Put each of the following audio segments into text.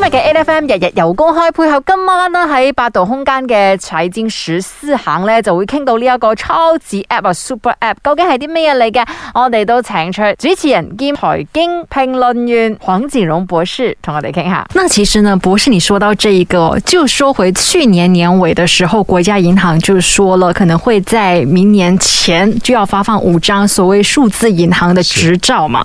今日嘅 A F M 日日由公開配合，今晚啦喺百度空間嘅財經十四行咧，就會傾到呢一個超級 App 啊，Super App 究竟係啲咩嘢嚟嘅？我哋都請出主持人兼財經評論員黃錦榮博士同我哋傾下。那其實呢，博士，你說到這一個，就說回去年年尾嘅時候，國家銀行就說了，可能會在明年前就要發放五張所謂數字銀行嘅執照嘛。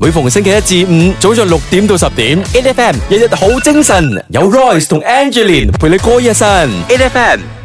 每逢星期一至五，早上六點到十點，A F M 日日好精神，有 Royce 同 Angeline 陪你過一晨，A F M。